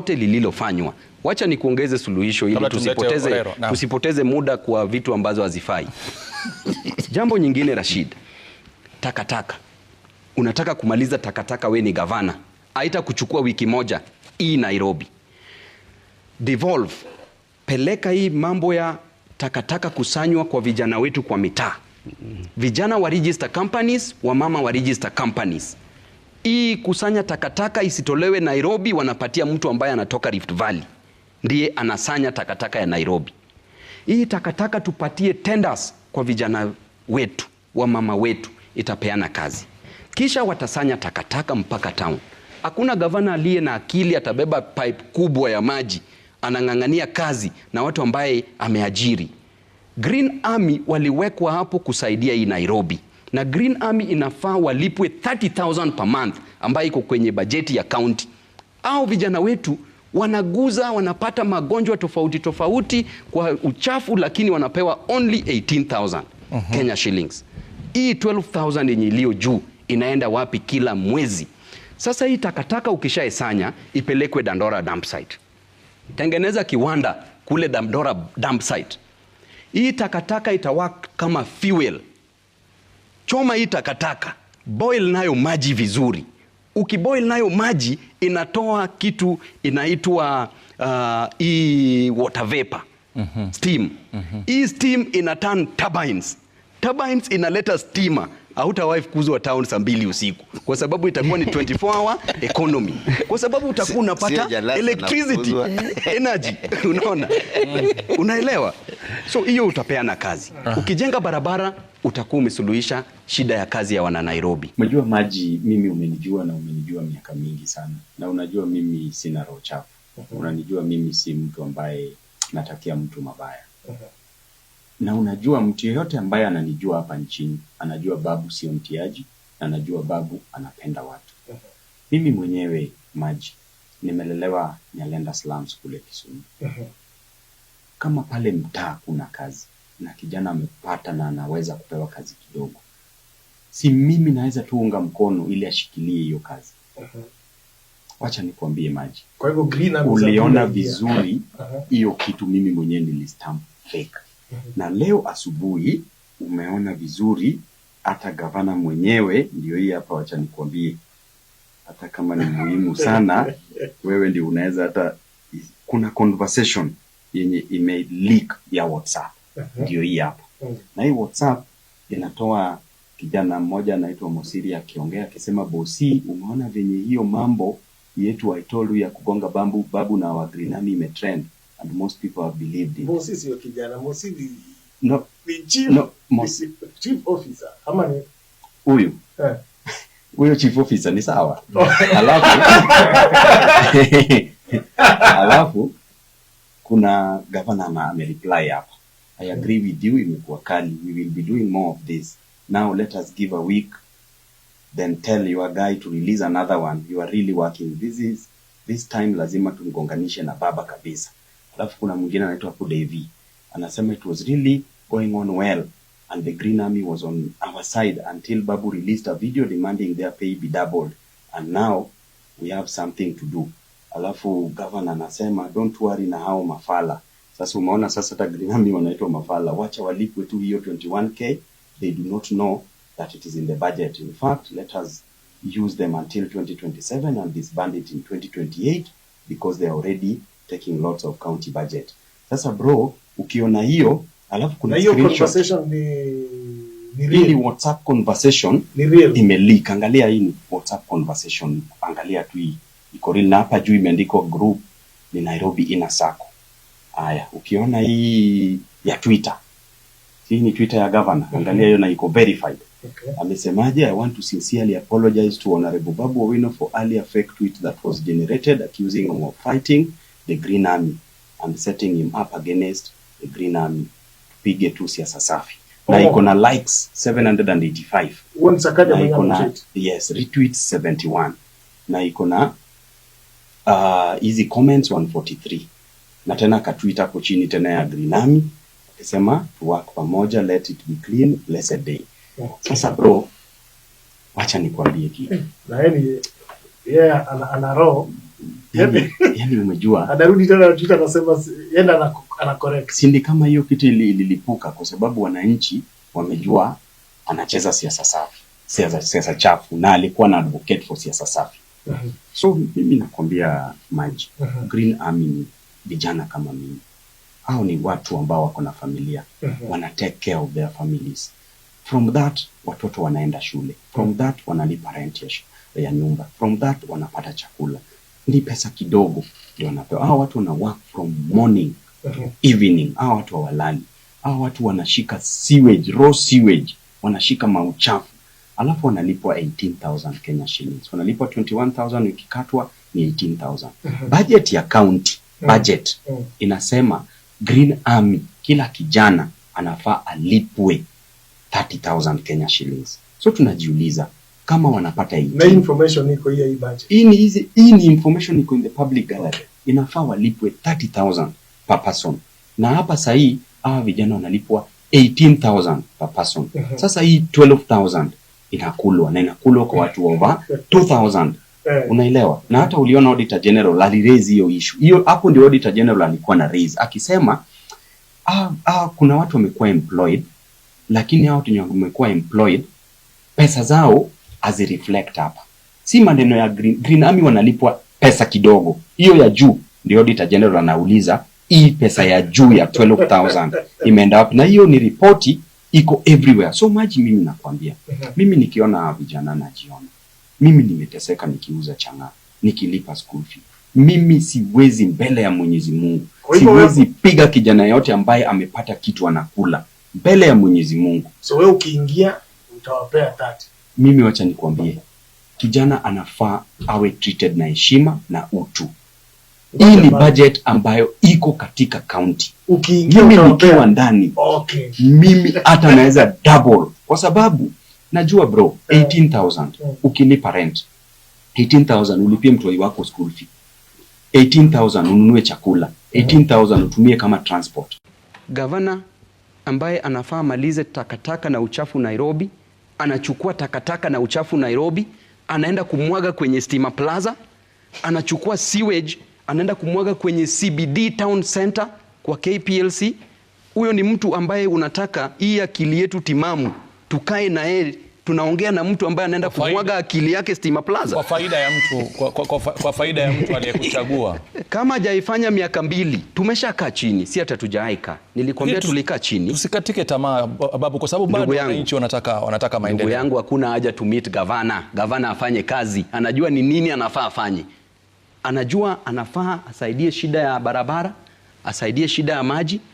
lolote lililofanywa, wacha kuongeze suluhisho ili tusipoteze, tusipoteze muda kwa vitu ambazo hazifai. Jambo nyingine Rashid, takataka taka. Unataka kumaliza takataka, we ni gavana, haita kuchukua wiki moja hii Nairobi. Devolve, peleka hii mambo ya takataka kusanywa kwa vijana wetu kwa mitaa, vijana wa register companies, mama wa register companies hii kusanya takataka isitolewe Nairobi, wanapatia mtu ambaye anatoka Rift Valley ndiye anasanya takataka ya Nairobi. Hii takataka tupatie tenders kwa vijana wetu, wa mama wetu, itapeana kazi, kisha watasanya takataka mpaka town. Hakuna gavana aliye na akili atabeba pipe kubwa ya maji, anang'ang'ania kazi na watu ambaye ameajiri. Green Army waliwekwa hapo kusaidia hii Nairobi na Green Army inafaa walipwe 30,000 per month ambayo iko kwenye bajeti ya county. Au vijana wetu wanaguza wanapata magonjwa tofauti tofauti kwa uchafu, lakini wanapewa only 18,000 uh -huh. Kenya shillings. Hii 12,000 yenye iliyo juu inaenda wapi kila mwezi? Sasa hii takataka ukishaesanya ipelekwe Dandora dump site. Tengeneza kiwanda kule Dandora dump site. Hii takataka itawaka kama fuel choma hii takataka, boil nayo maji vizuri. Ukiboil nayo maji inatoa kitu inaitwa uh, hii uh, water vapor mm -hmm. steam mm -hmm. hii steam ina turn turbines. Turbines inaleta stima Hautawahi kuzwa town saa mbili usiku kwa sababu itakuwa ni 24 hour economy, kwa sababu utakuwa unapata electricity energy unaona, mm. unaelewa? So hiyo utapeana kazi, ukijenga barabara utakuwa umesuluhisha shida ya kazi ya wana Nairobi. Unajua maji, mimi umenijua na umenijua miaka mingi sana, na unajua mimi sina roho chafu. Mhm. Unanijua mimi si mtu ambaye natakia mtu mabaya. Mhm. Na unajua mtu yeyote ambaye ananijua hapa nchini anajua Babu sio mtiaji, na anajua Babu anapenda watu. Mhm. Mimi mwenyewe maji, nimelelewa Nyalenda Slums kule Kisumu. Kama pale mtaa kuna kazi na kijana amepata na anaweza kupewa kazi kidogo, si mimi naweza tuunga mkono ili ashikilie hiyo kazi. uh -huh. Wacha nikwambie maji. Kwa hivyo green uliona vizuri uh-huh. hiyo uh -huh. kitu mimi mwenyewe nilistamp fake uh -huh. na leo asubuhi umeona vizuri, hata gavana mwenyewe ndio hii hapa. Wacha nikwambie, hata kama ni muhimu sana wewe ndio unaweza hata, kuna conversation yenye ime leak ya WhatsApp ndio hii hapa. Mm. Na hii WhatsApp inatoa kijana mmoja anaitwa Mosiri akiongea akisema, bosi, umeona venye hiyo mambo yetu I told ya kugonga bambu babu na wa Green Army imetrend and most people have believed it. Mosiri sio kijana, Mosiri no, ni chief, no, Mosiri chief officer kama ni huyu eh, huyo chief officer ni sawa oh. alafu alafu kuna governor ame reply hapa I agree with you, imekuwa kali. We will be doing more of this. Now let us give a week, then tell your guy to release another one. You are really working. This is, this time lazima tumgonganishe na baba kabisa. Alafu kuna mwingine anaitwa Kudevi. Anasema it was really going on well and the Green Army was on our side until Babu released a video demanding their pay be doubled and now we have something to do. Alafu governor anasema don't worry na hao mafala sasa umeona sasa hata Green Army wanaitwa mafala, wacha walipwe tu hiyo 21k. They do not know that it is in the budget. In fact, let us use them until 2027 and disband it in 2028 because they are already taking lots of county budget. Sasa bro, ukiona hiyo alafu kuna hiyo conversation ni ni real. really WhatsApp conversation ni real. imeleak. Angalia hii ni WhatsApp conversation, angalia tu hii iko real, na hapa juu imeandikwa group ni Nairobi Inner Circle. Haya, ukiona hii ya Twitter, hii ni Twitter ya governor, mm -hmm. angalia hiyo na iko verified. Okay. Amesemaje? I want to sincerely apologize to Honorable Babu Owino for earlier fake tweet that was generated accusing him of fighting the Green Army and setting him up against the Green Army. Tupige tu siasa safi. Oh. Na iko na likes 785. Na iko na yes, retweet 71. Na iko na uh, easy comments 143 na tena akatuita hapo chini tena ya Green Army akisema to work pamoja, let it be clean, blessed day. Sasa bro, wacha nikwambie kitu hmm. na yeye yeah, ana, ana roho yani, yaani, yani umejua anarudi tena anajuta anasema yenda ana correct, si kama hiyo kitu ililipuka kwa sababu wananchi wamejua anacheza siasa safi, siasa siasa chafu, na alikuwa na advocate for siasa safi. uh -huh. So mimi nakwambia maji, uh -huh. Green Army vijana kama mimi. au ni watu ambao wako na familia mm -hmm. wana take care of their families. From that watoto wanaenda shule, from mhm. that wanalipa rent ya nyumba, from that wanapata chakula, ni pesa kidogo ndio wanapewa. Hao watu wana work from morning mm -hmm. evening. Hao watu hawalali, hao watu wanashika sewage, raw sewage, wanashika mauchafu alafu wanalipwa 18,000 Kenya shillings, wanalipwa 21,000 ikikatwa ni 18,000 mm -hmm. Budget ya county Mm. budget mm. Mm. inasema Green Army kila kijana anafaa alipwe 30000 Kenya shillings. So tunajiuliza kama wanapata hii na information iko hii hii budget. Hii ni hizi hii ni information iko in the public gallery. okay. Inafaa walipwe 30000 per person. Na hapa sasa hii hawa vijana wanalipwa 18000 per person. mm -hmm. Sasa hii 12000 inakulwa na inakulwa kwa mm. watu over 2000 Yeah. Unaelewa? Na hata uliona Auditor General aliraise hiyo issue. Hiyo hapo ndio Auditor General alikuwa na raise akisema ah, ah, kuna watu wamekuwa employed lakini hao watu wamekuwa employed pesa zao hazi reflect hapa. Si maneno ya Green, Green Army wanalipwa pesa kidogo. Hiyo ya juu ndio Auditor General anauliza hii pesa ya juu ya 12000 imeenda wapi? Na hiyo ni ripoti iko everywhere. So maji mimi nakwambia. Uh-huh. Mimi nikiona vijana najiona. Mimi nimeteseka nikiuza chang'aa, nikilipa school fee. Mimi siwezi mbele ya Mwenyezi Mungu, siwezi piga kijana yote ambaye amepata kitu anakula mbele ya Mwenyezi Mungu. So wewe ukiingia utawapea tati. Mimi wacha nikwambie, kijana anafaa awe treated na heshima na utu. Hii ni budget ambayo iko katika county. Ukiingia mimi nikiwa ndani, okay. Mimi hata naweza double kwa sababu Najua bro, 18000 ukilipa rent, 18000 ulipie mtoi wako school fee, 18000 ununue chakula, 18000 utumie kama transport. Gavana ambaye anafaa malize takataka na uchafu Nairobi, anachukua takataka na uchafu Nairobi, anaenda kumwaga kwenye Stima Plaza, anachukua sewage, anaenda kumwaga kwenye CBD Town Center kwa KPLC. Huyo ni mtu ambaye unataka hii akili yetu timamu tukae na yeye tunaongea na mtu ambaye anaenda kumwaga akili yake Stima Plaza kwa faida ya mtu, kwa, kwa, kwa faida ya mtu aliyekuchagua. Kama hajaifanya miaka mbili, tumeshakaa chini, si hata tujaika. Nilikwambia tulikaa chini. Usikatike tamaa babu, kwa sababu bado wananchi wanataka, wanataka maendeleo. Ndugu yangu, hakuna haja to meet gavana. Gavana afanye kazi, anajua ni nini anafaa afanye, anajua anafaa asaidie shida ya barabara, asaidie shida ya maji.